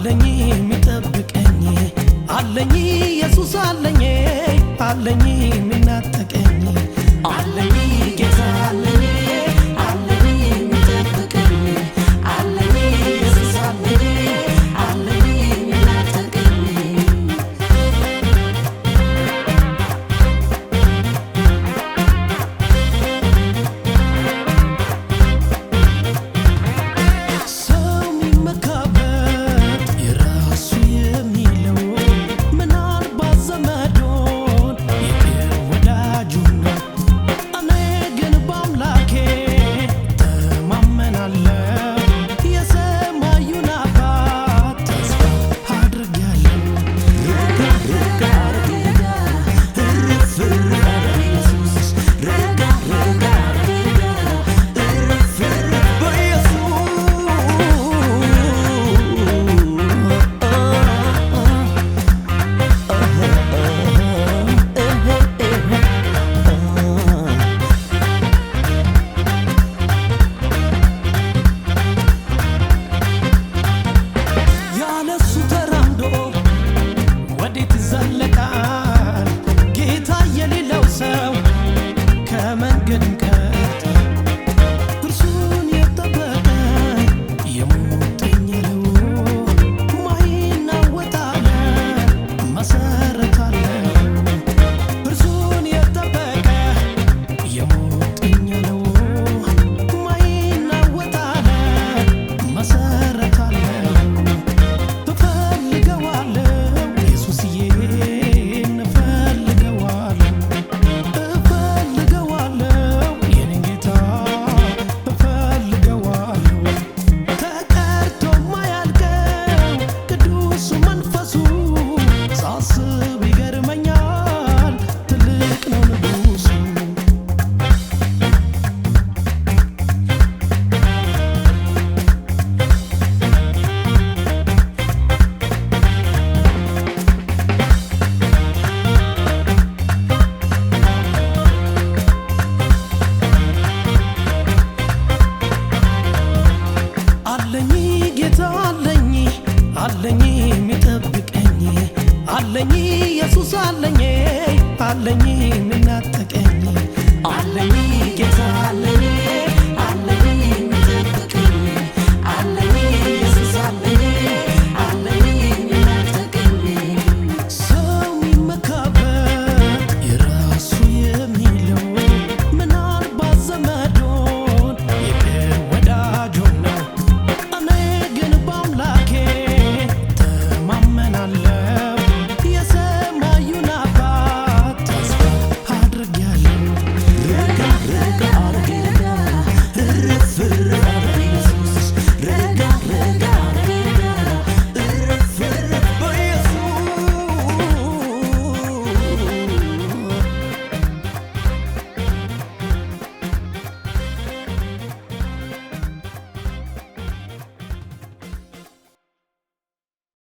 አለኝ የሚጠብቀኝ አለኝ ኢየሱስ አለኝ አለኝ የሚናጠቀኝ sunlight. ኢየሱስ አለኝ አለኝ ምናት